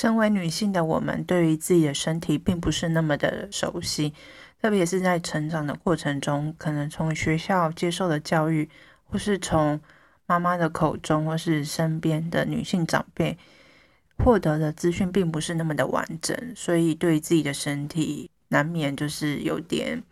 身為女性的我們，對於自己的身體並不是那麼的熟悉，特別是在成長的過程中，可能從學校接受的教育，或是從媽媽的口中，或是身邊的女性長輩獲得的資訊，並不是那麼的完整，所以對自己的身體難免就是有點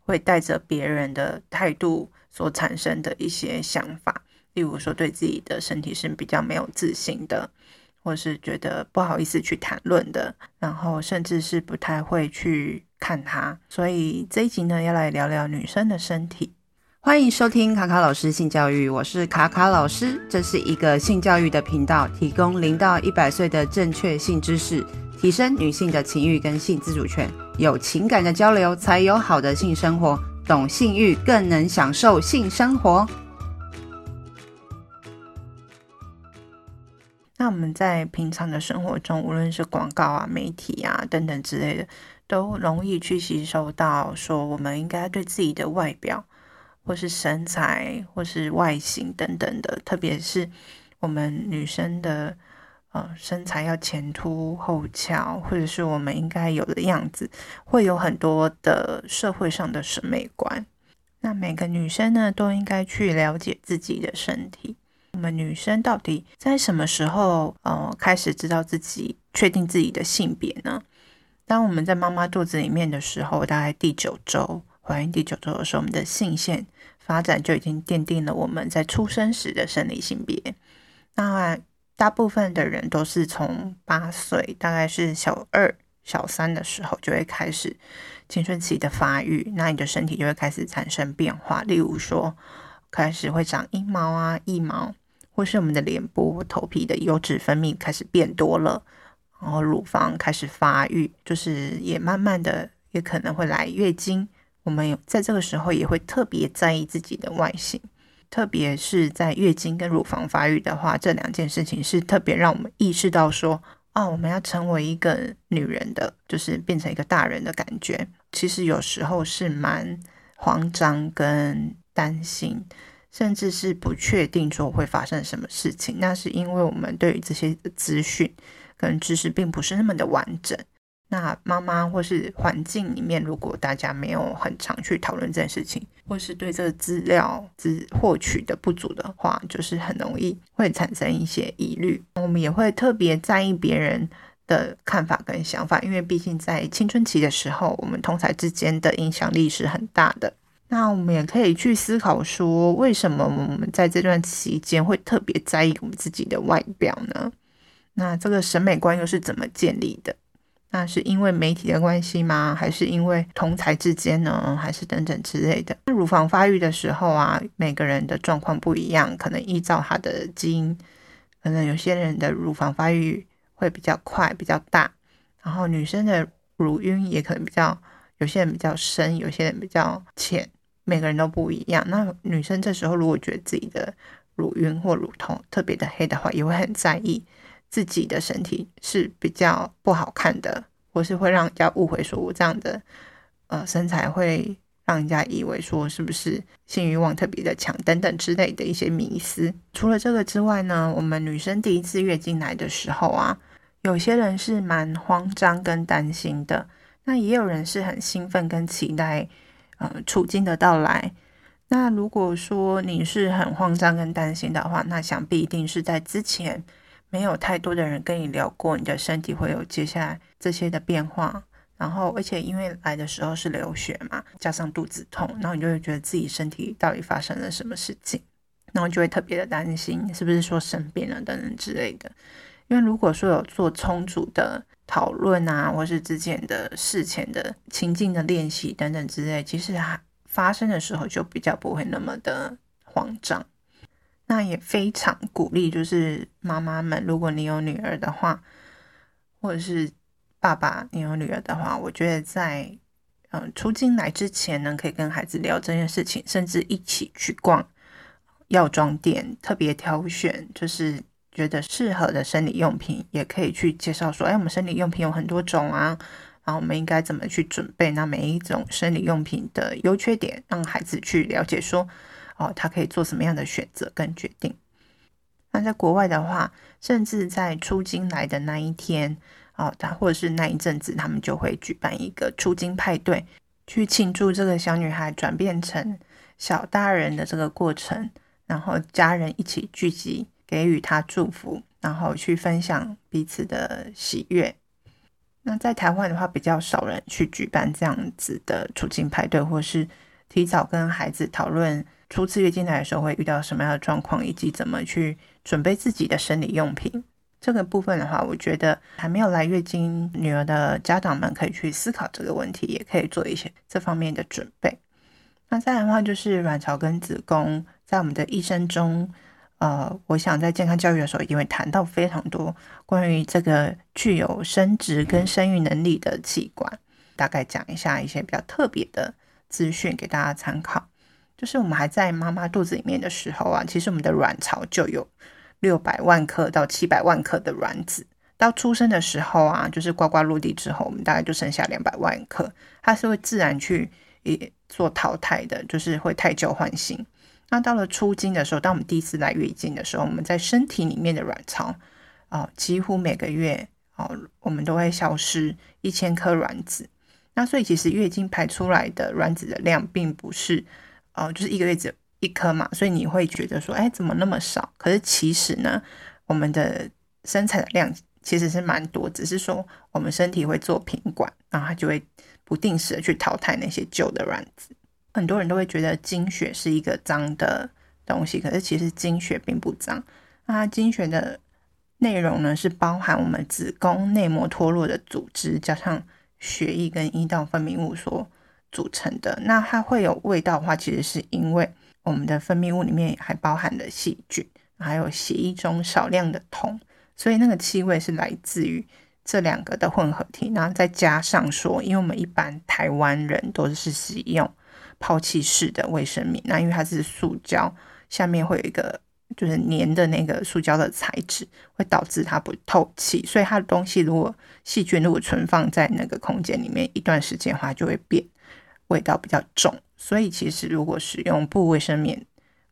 會帶着別人的態度所產生的一些想法，例如說對自己的身體是比較沒有自信的。或是覺得不好意思去談論的，然後甚至是不太會去看它。所以這一集呢，要來聊聊女生的身體。歡迎收聽卡卡老師性教育，我是卡卡老師，這是一個性教育的頻道，提供零到一百歲的正確性知識，提升女性的情欲跟性自主權。有情感的交流，才有好的性生活。懂性欲，更能享受性生活。那我們在平常的生活中，無論是廣告啊、媒體啊等等之類的，都容易去吸收到說，我們應該對自己的外表，或是身材，或是外形等等的，特別是我們女生的，呃，身材要前凸後翹，或者是我們應該有的樣子，會有很多的社會上的審美觀。那每個女生呢，都應該去了解自己的身體。我們女生到底在什麼時候，呃，開始知道自己、確定自己的性別呢？當我們在媽媽肚子裡面的時候，大概第九周懷孕第九周的時候，我們的性腺發展就已經奠定了我們在出生時的生理性別。那大部分的人都是從八歲，大概是小二、小三的時候，就會開始青春期的發育，那你的身體就會開始產生變化，例如說，開始會長陰毛啊、腋毛。或是我們的臉部、頭皮的油脂分泌開始變多了，然後乳房開始發育，就是也慢慢的也可能會來月經。我們在這個時候也會特別在意自己的外形，特別是在月經跟乳房發育的話，這兩件事情是特別讓我們意識到說，啊、哦，我們要成為一個女人的，就是變成一個大人的感覺。其實有時候是蠻慌張跟擔心，甚至是不確定說會發生什麼事情，那是因為我們對於這些資訊跟知識並不是那麼的完整。那媽媽或是環境裡面，如果大家沒有很常去討論這件事情，或是對這個資料資獲取的不足的話，就是很容易會產生一些疑慮。我們也會特別在意別人的看法跟想法，因為畢竟在青春期的時候，我們同儕之間的影響力是很大的。那我們也可以去思考說，為什麼我們在這段期間會特別在意我們自己的外表呢？那這個審美觀又是怎麼建立的？那是因為媒體的關係嗎？還是因為同儕之間呢？還是等等之類的？乳房發育的時候啊，每個人的狀況不一樣，可能依照他的基因，可能有些人的乳房發育會比較快，比較大，然後女生的乳暈也可能比較，有些人比較深，有些人比較淺。每個人都不一樣。那女生這時候如果覺得自己的乳暈或乳頭特別的黑的話，也會很在意自己的身體是比較不好看的，或是會讓人家誤會說我這樣的，呃，身材會讓人家以為說是不是性慾望特別的強等等之類的一些迷思。除了這個之外呢，我們女生第一次月經來的時候啊，有些人是蠻慌張跟擔心的，那也有人是很興奮跟期待。呃、嗯，初經的到來。那如果說你是很慌張跟擔心的話，那想必一定是在之前沒有太多的人跟你聊過你的身體會有接下來這些的變化。然後，而且因為來的時候是流血嘛，加上肚子痛，然後你就會覺得自己身體到底發生了什麼事情，然後就會特別的擔心是不是說生病了等等之類的。因為如果說有做充足的。討論啊，或是之前的事前的情境的練習等等之類，其實還發生的時候就比較不會那麼的慌張。那也非常鼓勵，就是媽媽們，如果你有女兒的話，或者是爸爸，你有女兒的話，我覺得在嗯初經來之前呢，可以跟孩子聊這件事情，甚至一起去逛藥妝店，特別挑選就是。覺得適合的生理用品，也可以去介紹說：哎，我們生理用品有很多種啊，然後我們應該怎麼去準備？那每一種生理用品的優缺點，讓孩子去了解說，哦，他可以做什麼樣的選擇跟決定。那在國外的話，甚至在初經來的那一天，哦，他或者是那一陣子，他們就會舉辦一個初經派對，去慶祝這個小女孩轉變成小大人的這個過程，然後家人一起聚集，給予他祝福，然後去分享彼此的喜悅。那在台灣的話，比較少人去舉辦這樣子的初經派對，或是提早跟孩子討論初次月經來的時候會遇到什麼樣的狀況，以及怎麼去準備自己的生理用品。這個部分的話，我覺得還沒有來月經女兒的家長們可以去思考這個問題，也可以做一些這方面的準備。那再來的話，就是卵巢跟子宮在我們的一生中。呃，我想在健康教育的時候一定會談到非常多關於這個具有生殖跟生育能力的器官，大概講一下一些比較特別的資訊給大家參考。就是我們還在媽媽肚子裡面的時候啊，其實我們的卵巢就有六百萬顆到七百萬顆的卵子，到出生的時候啊，就是呱呱落地之後，我們大概就剩下兩百萬顆，它是會自然去也做淘汰的，就是會汰舊換新。那到了初經的時候，當我們第一次來月經的時候，我們在身體裡面的卵巢，啊、呃，幾乎每個月，啊、呃、我們都會消失一千顆卵子。那所以其實月經排出來的卵子的量，並不是，哦、呃，就是一個月只有一顆嘛。所以你會覺得說，哎，怎麼那麼少？可是其實呢，我們的生產的量其實是蠻多，只是說我們身體會做品管，然後它就會不定時的去淘汰那些舊的卵子。很多人都會覺得經血是一個髒的東西，可是其實經血並不髒。那它經血的內容呢，是包含我們子宮內膜脫落的組織，加上血液跟陰道分泌物所組成的。那它會有味道的話，其實是因為我們的分泌物裡面還包含了細菌，還有血液中少量的銅，所以那個氣味是來自於這兩個的混合體。然後再加上說，因為我們一般台灣人都是使用。拋棄式的衛生棉，那因為它是塑膠，下面會有一個就是粘的那個塑膠的材質，會導致它不透氣，所以它的東西如果細菌如果存放在那個空間裡面一段時間的話，就會變味道比較重。所以其實如果使用布衛生棉，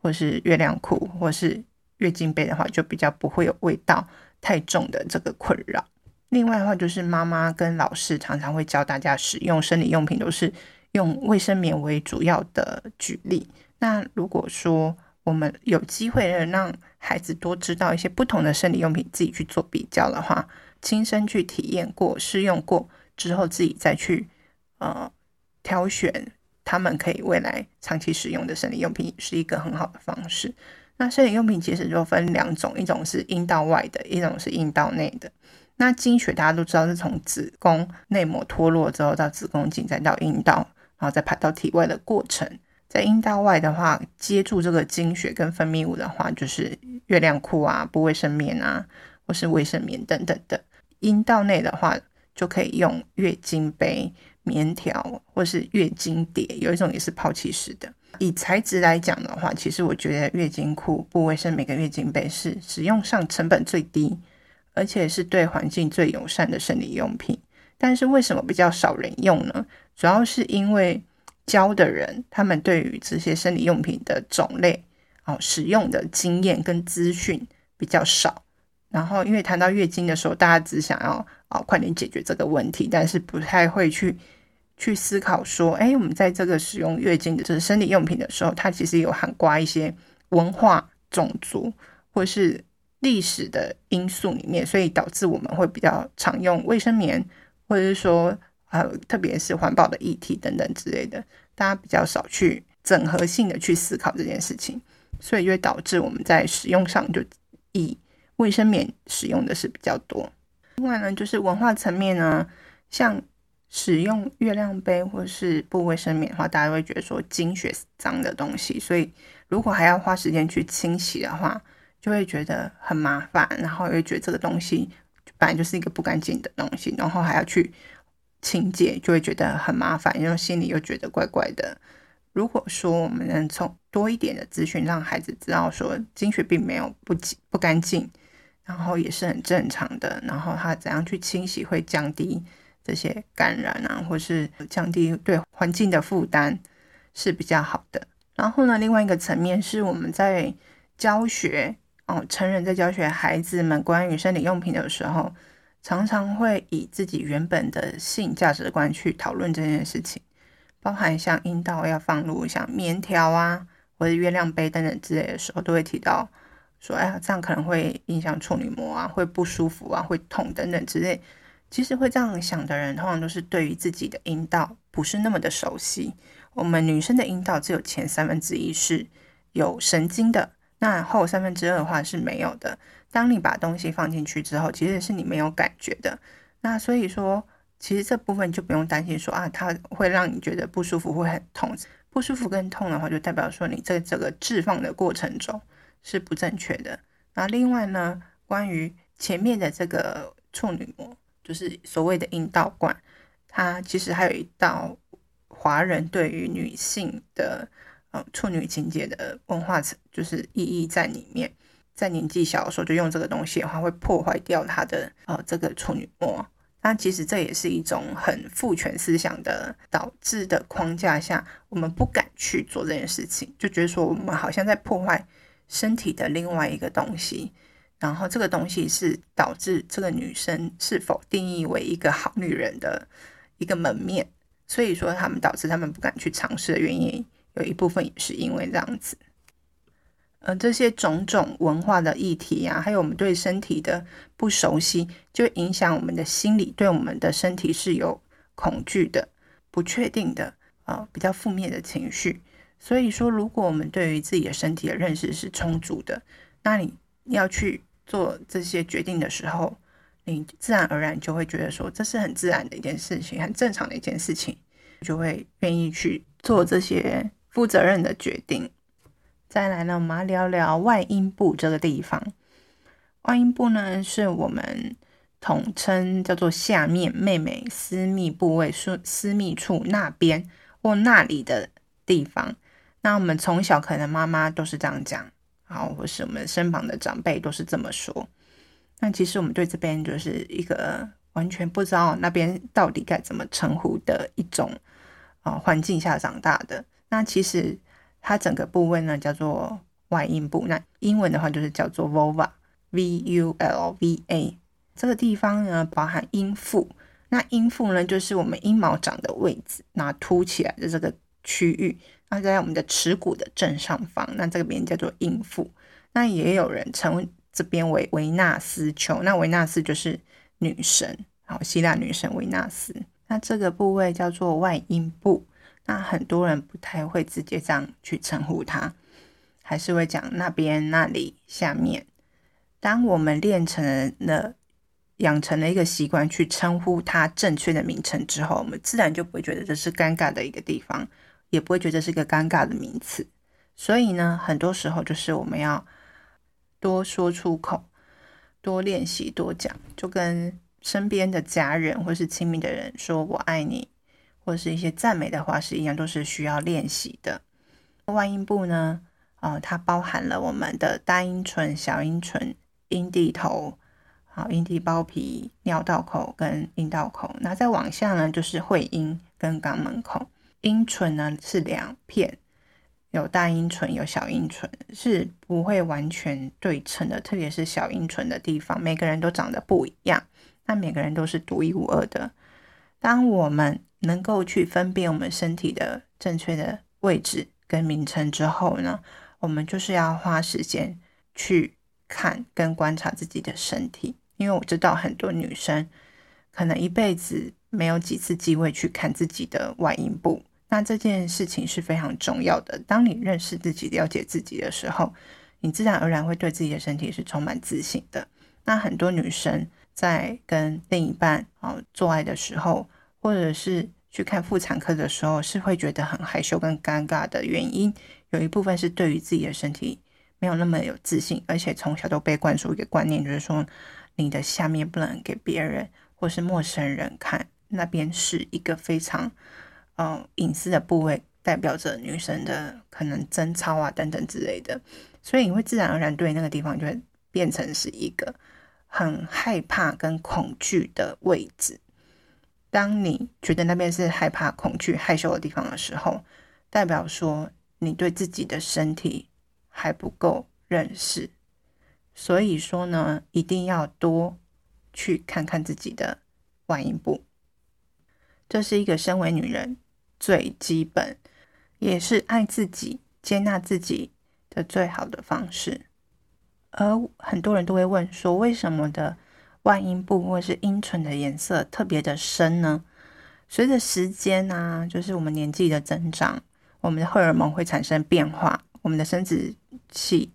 或是月亮褲，或是月經杯的話，就比較不會有味道太重的這個困擾。另外的話，就是媽媽跟老師常常會教大家使用生理用品都是。用衛生棉為主要的舉例。那如果說我們有機會能讓孩子多知道一些不同的生理用品，自己去做比較的話，親身去體驗過、試用過之後，自己再去呃挑選他們可以未來長期使用的生理用品，是一個很好的方式。那生理用品其實就分兩種，一種是陰道外的，一種是陰道內的。那經血大家都知道是從子宮內膜脫落之後到子宮頸，再到陰道，然後再排到體外的過程，在陰道外的話，接住這個經血跟分泌物的話，就是月亮褲啊、布衛生棉啊，或是衛生棉等等的。陰道內的話，就可以用月經杯、棉條或是月經碟，有一種也是拋棄式的。以材質來講的話，其實我覺得月經褲、布衛生棉跟月經杯是使用上成本最低，而且是對環境最友善的生理用品。但是為什麼比較少人用呢？主要是因為教的人他們對於這些生理用品的種類，哦，使用的經驗跟資訊比較少。然後，因為談到月經的時候，大家只想要啊、哦、快點解決這個問題，但是不太會去去思考說，哎，我們在這個使用月經的這個、就是、生理用品的時候，它其實有涵蓋一些文化、種族或是歷史的因素裡面，所以導致我們會比較常用衛生棉。或者是說，呃，特別是環保的議題等等之類的，大家比較少去整合性的去思考這件事情，所以就會導致我們在使用上就以衛生棉使用的是比較多。另外呢，就是文化層面呢，像使用月亮杯或是布衛生棉的話，大家會覺得說經血髒的東西，所以如果還要花時間去清洗的話，就會覺得很麻煩，然後又覺得這個東西。就本來就是一個不乾淨的東西，然後還要去清潔，就會覺得很麻煩，然後心裡又覺得怪怪的。如果說我們能從多一點的資訊，讓孩子知道說經血並沒有不不乾淨，然後也是很正常的，然後他怎樣去清洗會降低這些感染啊，或是降低對環境的負擔是比較好的。然後呢，另外一個層面是我們在教學。哦，成人在教學孩子們關於生理用品的時候，常常會以自己原本的性價值觀去討論這件事情，包含像陰道要放入像棉條啊，或者月亮杯等等之類的時候，都會提到說，哎呀，這樣可能會影響處女膜啊，會不舒服啊，會痛等等之類。其實會這樣想的人，通常都是對於自己的陰道不是那麼的熟悉。我們女生的陰道只有前三分之一是有神經的。那後三分之二的話是沒有的。當你把東西放進去之後，其實是你沒有感覺的。那所以說，其實這部分就不用擔心說啊，它會讓你覺得不舒服，會很痛。不舒服跟痛的話，就代表說你在這，這個置放的過程中是不正確的。那另外呢，關於前面的這個處女膜，就是所謂的陰道冠，它其實還有一道華人對於女性的。嗯、哦，處女情結的文化層，就是意義在裡面。在年紀小的時候就用這個東西的話，會破壞掉她的呃、哦、這個處女膜。那、哦、其實這也是一種很父權思想的導致的框架下，我們不敢去做這件事情，就覺得說我們好像在破壞身體的另外一個東西。然後這個東西是導致這個女生是否定義為一個好女人的一個門面。所以說，他們導致他們不敢去嘗試的原因。有一部分也是因為這樣子，嗯，這些種種文化的議題呀、啊，還有我們對身體的不熟悉，就影響我們的心理，對我們的身體是有恐懼的、不確定的啊，比較負面的情緒。所以說，如果我們對於自己的身體的認識是充足的，那你你要去做這些決定的時候，你自然而然就會覺得說，這是很自然的一件事情，很正常的一件事情，就會願意去做這些負責任的決定。再來呢，我們來聊聊外陰部這個地方。外陰部呢，是我們統稱叫做下面妹妹私密部位、私私密處那邊或那裡的地方。那我們從小可能媽媽都是這樣講，然後或是我們身旁的長輩都是這麼說。那其實我們對這邊就是一個完全不知道那邊到底該怎麼稱呼的一種啊環境下長大的。那其實它整個部位呢，叫做外陰部，那英文的話就是叫做 vulva，V-U-L-V-A。這個地方呢，包含陰阜，那陰阜呢就是我們陰毛長的位置，那凸起來的這個區域，那在我們的恥骨的正上方，那這個邊叫做陰阜。那也有人稱這邊為維納斯丘，那維納斯就是女神，好，希臘女神維納斯，那這個部位叫做外陰部。那很多人不太會直接這樣去稱呼他，還是會講那邊、那裡、下面。當我們練成了、養成了一個習慣去稱呼他正確的名稱之後，我們自然就不會覺得這是尷尬的一個地方，也不會覺得這是個尷尬的名詞。所以呢，很多時候就是我們要多說出口，多練習，多講，就跟身邊的家人或是親密的人說“我愛你”。或者是一些讚美的話是一樣，都是需要練習的。外陰部呢，啊、哦，它包含了我們的大陰唇、小陰唇、陰蒂頭、好、哦、陰蒂包皮、尿道口跟陰道口。那再往下呢，就是會陰跟肛門口。陰唇呢是兩片，有大陰唇，有小陰唇，是不會完全對稱的，特別是小陰唇的地方，每個人都長得不一樣，那每個人都是獨一無二的。當我們能夠去分辨我們身體的正確的位置跟名稱之後呢，我們就是要花時間去看跟觀察自己的身體，因為我知道很多女生可能一輩子沒有幾次機會去看自己的外陰部，那這件事情是非常重要的。當你認識自己、了解自己的時候，你自然而然會對自己的身體是充滿自信的。那很多女生在跟另一半啊做愛的時候，或者是去看婦產科的時候，是會覺得很害羞跟尷尬的原因，有一部分是對於自己的身體沒有那麼有自信，而且從小都被灌輸一個觀念，就是說你的下面不能給別人或是陌生人看，那邊是一個非常嗯、呃、隱私的部位，代表着女生的可能貞操啊等等之類的，所以你會自然而然對那個地方就變成是一個很害怕跟恐懼的位置。當你覺得那邊是害怕、恐懼、害羞的地方的時候，代表說你對自己的身體還不夠認識。所以說呢，一定要多去看看自己的外陰部。這是一個身為女人最基本，也是愛自己、接納自己的最好的方式。而很多人都會問說，為什麼的？外陰部或者是陰唇的顏色特別的深呢？隨着時間呢、啊，就是我們年紀的增長，我們的荷爾蒙會產生變化，我們的生殖器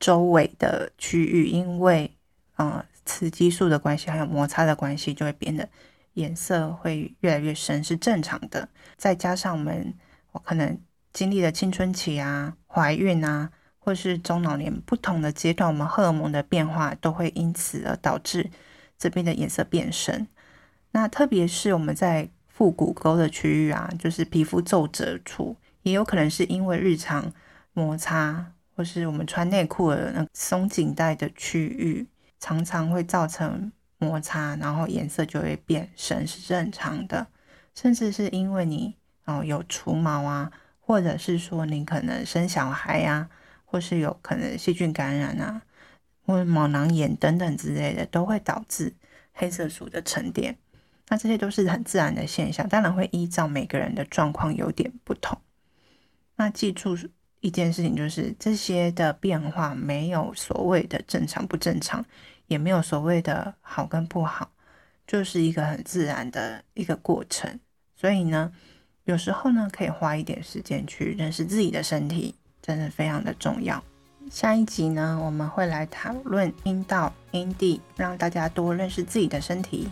周圍的區域因為啊、呃、雌激素的關係還有摩擦的關係，就會變得顏色會越來越深，是正常的。再加上我們我可能經歷了青春期啊、懷孕啊。或是中老年不同的階段，我們荷爾蒙的變化都會因此而導致這邊的顏色變深。那特別是我們在腹股溝的區域啊，就是皮膚皺褶處，也有可能是因為日常摩擦，或是我們穿內褲的那鬆緊帶的區域，常常會造成摩擦，然後顏色就會變深，是正常的。甚至是因為你哦有除毛啊，或者是說你可能生小孩呀、啊。或是有可能細菌感染啊，或者毛囊炎等等之類的，都會導致黑色素的沉澱。那這些都是很自然的現象，當然會依照每個人的狀況有點不同。那記住一件事情，就是這些的變化沒有所謂的正常不正常，也沒有所謂的好跟不好，就是一個很自然的一個過程。所以呢，有時候呢，可以花一點時間去認識自己的身體。真的非常的重要。下一集呢，我們會來討論陰道、陰蒂，讓大家多認識自己的身體。